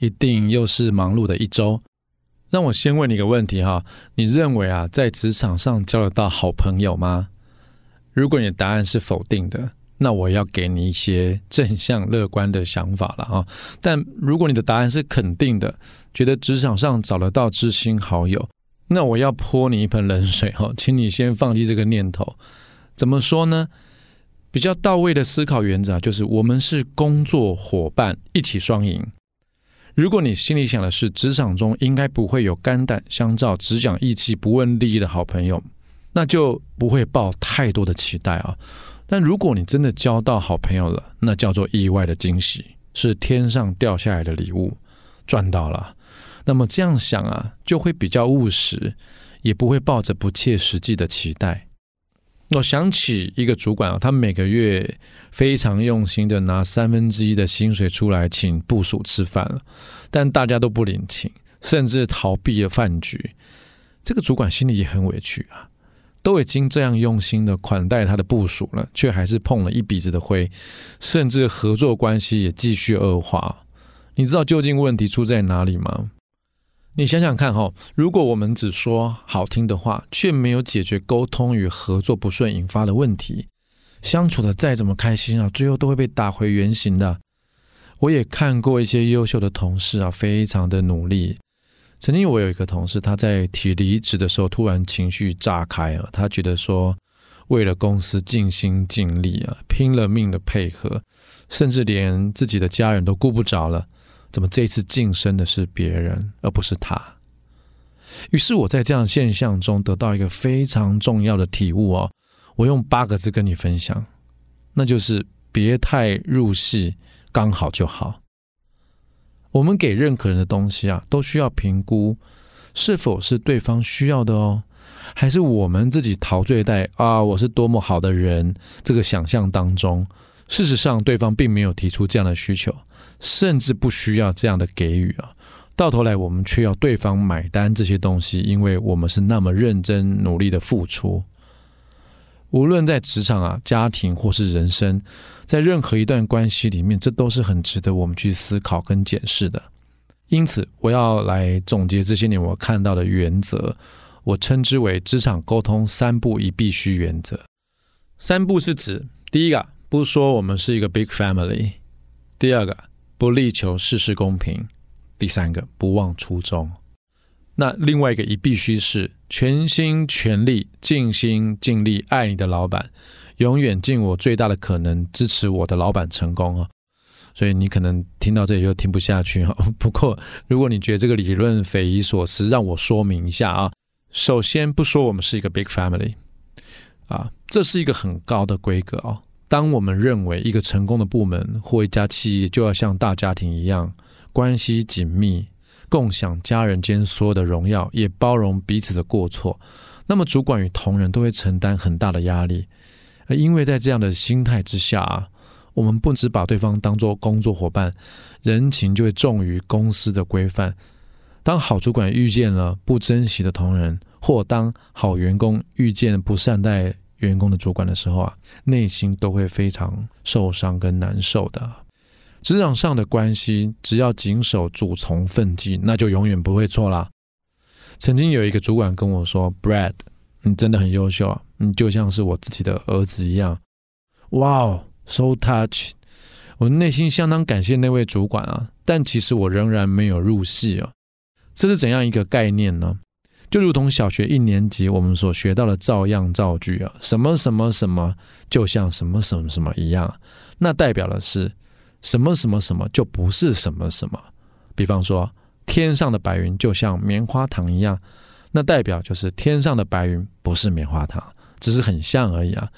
一定又是忙碌的一週，那我先問你一個問題哈，你認為啊，在職場上交得到好朋友嗎？如果你的答案是否定的，那我要給你一些正向樂觀的想法了啊。但如果你的答案是肯定的，覺得職場上找得到知心好友，那我要潑你一盆冷水哈，請你先放棄這個念頭。怎麼說呢？比較到位的思考原則啊就是，我們是工作夥伴，一起雙贏。如果你心裡想的是職場中應該不會有肝膽相照、只講義氣不問利益的好朋友，那就不會抱太多的期待啊。但如果你真的交到好朋友了，那叫做意外的驚喜，是天上掉下來的禮物，賺到了。那麼這樣想啊，就會比較務實，也不會抱着不切實際的期待。我想起一個主管啊，他每個月非常用心的拿三分之一的薪水出來請部屬吃飯了，但大家都不領情，甚至逃避了飯局。這個主管心裡也很委屈啊，都已經這樣用心的款待他的部屬了，卻還是碰了一鼻子的灰，甚至合作關係也繼續惡化。你知道究竟問題出在哪裡嗎？你想想看哈，如果我們只說好聽的話，卻沒有解決溝通與合作不順引發的問題，相處的再怎麼開心啊，最後都會被打回原形的。我也看過一些優秀的同事啊，非常的努力。曾經我有一個同事，他在提離職的時候，突然情緒炸開了，他覺得說，為了公司盡心盡力啊，拼了命的配合，甚至連自己的家人都顧不着了。怎麼這次晉升的是別人，而不是他？於是我在這樣現象中得到一個非常重要的體悟哦，我用八個字跟你分享，那就是別太入戲，剛好就好。我們給任何人的東西啊，都需要評估是否是對方需要的哦，還是我們自己陶醉在啊，我是多麼好的人這個想象當中。事實上，對方並沒有提出這樣的需求，甚至不需要這樣的給予啊！到頭來，我們卻要對方買單這些東西，因為我們是那麼認真努力的付出。無論在職場啊、家庭或是人生，在任何一段關係裡面，這都是很值得我們去思考跟檢視的。因此，我要來總結這些年我看到的原則，我稱之為職場溝通三不一必須原則。三不是指第一個。不說我們是一個 big family，第二個不力求事事公平，第三個不忘初衷。那另外一個一必須是全心全力、盡心盡力愛你的老闆，永遠盡我最大的可能支持我的老闆成功哦。所以你可能聽到這裡就聽不下去哈。不過如果你覺得這個理論匪夷所思，讓我說明一下啊。首先不說我們是一個 big family，啊，這是一個很高的規格哦。當我們認為一個成功的部門或一家企業就要像大家庭一樣，關係緊密，共享家人間所有的榮耀，也包容彼此的過錯，那麼主管與同仁都會承擔很大的壓力，因為在這樣的心態之下，我們不只把對方當作工作夥伴，人情就會重於公司的規範。當好主管遇見了不珍惜的同仁，或當好員工遇見不善待。員工的主管的時候啊，內心都會非常受傷跟難受的。職場上的關係，只要謹守主從分際，那就永遠不會錯啦。曾經有一個主管跟我說：“Brad，你真的很優秀啊，你就像是我自己的兒子一樣。”哇哦，so touch！我內心相當感謝那位主管啊，但其實我仍然沒有入戲啊。這是怎樣一個概念呢？就如同小學一年級我們所學到的照樣造句啊，什麼什麼什麼就像什麼什麼什麼一樣，那代表的是什麼什麼什麼就不是什麼什麼。比方說，天上的白雲就像棉花糖一樣，那代表就是天上的白雲不是棉花糖，只是很像而已啊。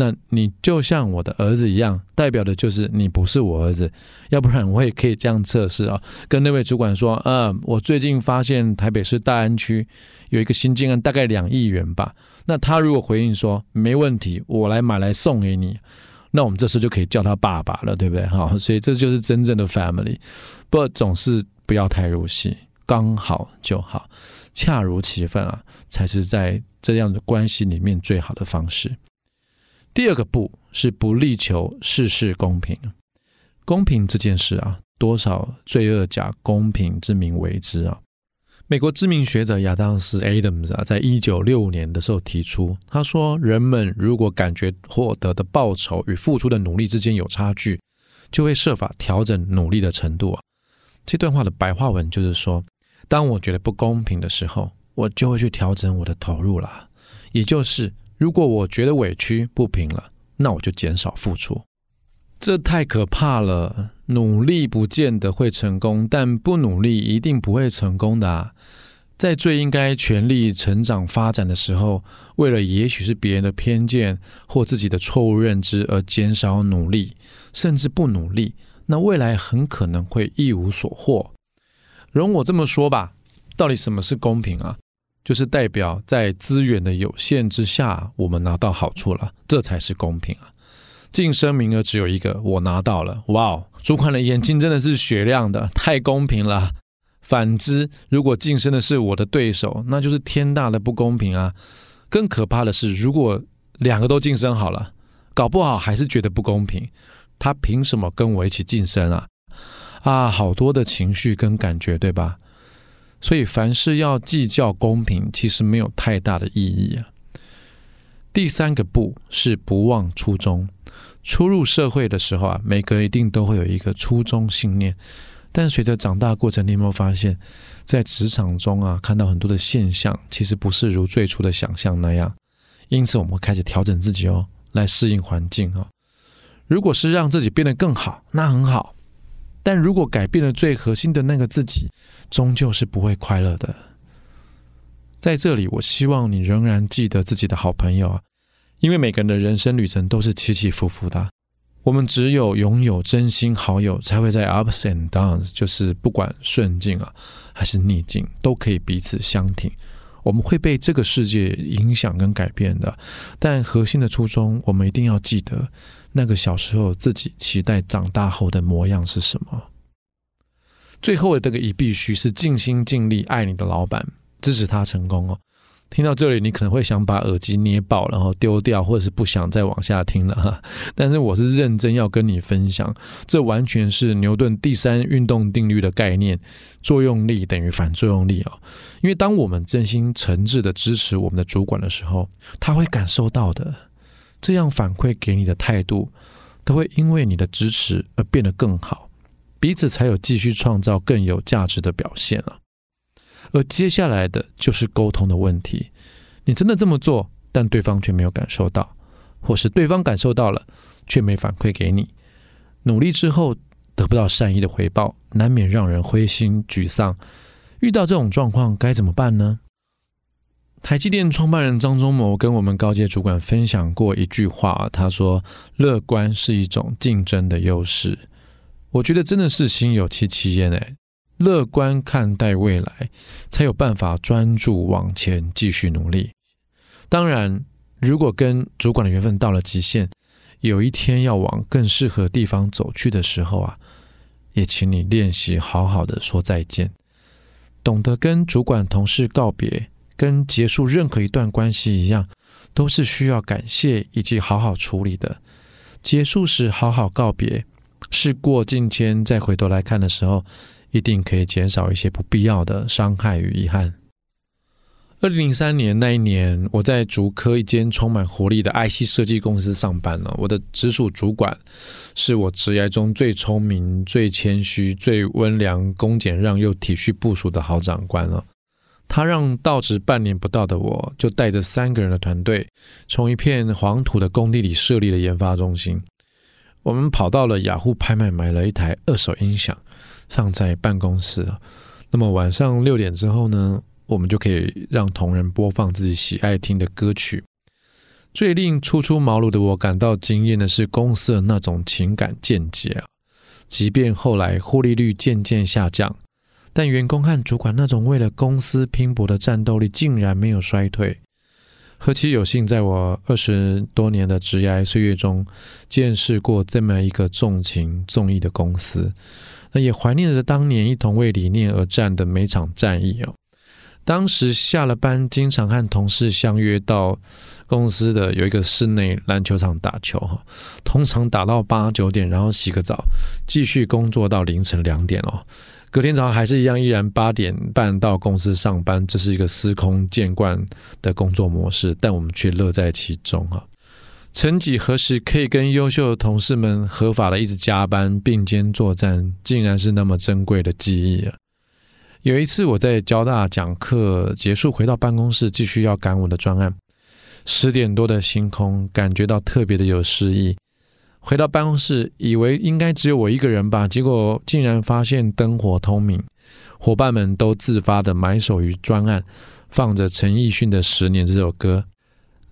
那你就像我的兒子一樣，代表的就是你不是我兒子，要不然我也可以這樣測試啊？跟那位主管說，嗯、呃，我最近發現台北市大安區有一個新建案，大概兩億元吧。那他如果回應說，沒問題，我來買來送給你，那我們這時候就可以叫他爸爸了，對不對？好、哦，所以這就是真正的 family。不過總是不要太入戲，剛好就好，恰如其分啊，才是在這樣的關係裡面最好的方式。第二個不，是不力求事事公平。公平這件事啊，多少罪惡假公平之名為之啊？美國知名學者亞當斯 （Adams） 啊，在一九六五年的時候提出，他說：“人們如果感覺獲得的報酬與付出的努力之間有差距，就會設法調整努力的程度。”啊，這段話的白話文就是說：當我覺得不公平的時候，我就會去調整我的投入了。也就是。如果我覺得委屈不平了，那我就減少付出，這太可怕了！努力不見得會成功，但不努力一定不會成功的啊。在最應該全力成長發展的時候，為了也許是別人的偏見或自己的錯誤認知而減少努力，甚至不努力，那未來很可能會一無所獲。容我這麼說吧，到底什麼是公平啊？就是代表在資源的有限之下，我們拿到好處了，這才是公平啊！晉升名額只有一個，我拿到了，哇哦，主管的眼睛真的是雪亮的，太公平了。反之，如果晉升的是我的對手，那就是天大的不公平啊！更可怕的是，如果兩個都晉升好了，搞不好還是覺得不公平，他憑什麼跟我一起晉升啊？啊，好多的情緒跟感覺，對吧？所以凡事要計較公平，其實沒有太大的意義啊。第三個不是不忘初衷。初入社會的時候啊，每個人一定都會有一個初衷信念，但隨着長大過程，你有沒有發現，在職場中啊，看到很多的現象，其實不是如最初的想象那樣。因此，我們開始調整自己哦，來適應環境啊、哦。如果是讓自己變得更好，那很好。但如果改變了最核心的那個自己，終究是不會快樂的。在這裡，我希望你仍然記得自己的好朋友啊，因為每個人的人生旅程都是起起伏伏的。我們只有擁有真心好友，才會在 ups and downs，就是不管順境啊還是逆境，都可以彼此相挺。我們會被這個世界影響跟改變的，但核心的初衷，我們一定要記得。那個小時候自己期待長大後的模樣是什麼？最後的這個一必須是盡心盡力愛你的老板，支持他成功哦。聽到這裡，你可能會想把耳機捏爆，然後丟掉，或者是不想再往下聽了哈。但是我是認真要跟你分享，這完全是牛頓第三運動定律的概念，作用力等於反作用力哦。因為當我們真心誠摯的支持我們的主管的時候，他會感受到的。這樣反饋給你的態度，都會因為你的支持而變得更好，彼此才有繼續創造更有價值的表現啊。而接下來的就是溝通的問題，你真的這麼做，但對方卻沒有感受到，或是對方感受到了，卻沒反饋給你，努力之後得不到善意的回報，難免讓人灰心沮喪。遇到這種狀況該怎麼辦呢？台積電創辦人張忠謀跟我們高階主管分享過一句話，他說：“樂觀是一種競爭的優勢。”我覺得真的是心有戚戚焉哎，樂觀看待未來，才有辦法專注往前繼續努力。當然，如果跟主管的緣分到了極限，有一天要往更適合地方走去的時候啊，也請你練習好好的說再見，懂得跟主管同事告別。跟結束任何一段關係一樣，都是需要感謝以及好好處理的。結束時好好告別，事過境遷，再回頭來看的時候，一定可以減少一些不必要的傷害與遺憾。二零零三年那一年，我在竹科一間充滿活力的 IC 設計公司上班了。我的直屬主管是我職涯中最聰明、最謙虛、最溫良、恭儉讓又體恤部屬的好長官了。他讓到職半年不到的我，就帶着三個人的團隊，從一片黃土的工地裡設立了研發中心。我們跑到了雅虎拍賣，買了一台二手音響，放在辦公室。那麼晚上六點之後呢，我們就可以讓同仁播放自己喜愛聽的歌曲。最令初出茅廬的我感到驚艷的是公司的那種情感見解啊！即便後來獲利率漸漸下降。但員工和主管那種為了公司拼搏的戰鬥力竟然沒有衰退，何其有幸，在我二十多年的職涯歲月中，見識過這麼一個重情重義的公司，那也懷念着當年一同為理念而戰的每場戰役哦。當時下了班，經常和同事相約到公司的有一個室內籃球場打球哈，通常打到八九點，然後洗個澡，繼續工作到凌晨兩點哦。隔天早上還是一樣，依然八點半到公司上班，這是一個司空見慣的工作模式，但我們卻樂在其中哈。曾幾何時，可以跟優秀的同事們合法的一直加班並肩作戰，竟然是那麼珍貴的記憶啊！有一次我在交大講課結束，回到辦公室繼續要趕我的專案。十點多的星空，感覺到特別的有詩意。回到辦公室，以為應該只有我一個人吧，結果竟然發現燈火通明，夥伴們都自發的埋首於專案，放着陳奕迅的《十年》這首歌。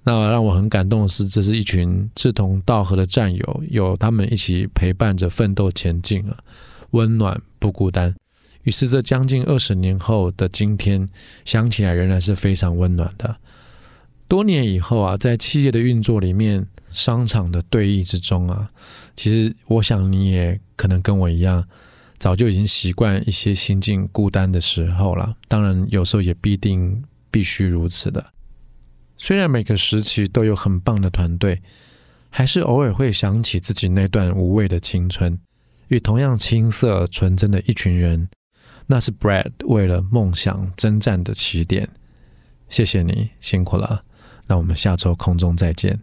那讓我很感動的是，這是一群志同道合的戰友，有他們一起陪伴着奮鬥前進啊，溫暖不孤單。於是，這將近二十年後的今天，想起來仍然是非常溫暖的。多年以後啊，在企業的運作裡面，商場的對弈之中啊，其實我想你也可能跟我一樣，早就已經習慣一些心境孤單的時候了。當然，有時候也必定必須如此的。雖然每個時期都有很棒的團隊，還是偶爾會想起自己那段無畏的青春，與同樣青澀純真的一群人。那是 Brad 為了夢想征戰的起點，謝謝你，辛苦了，那我們下週空中再見。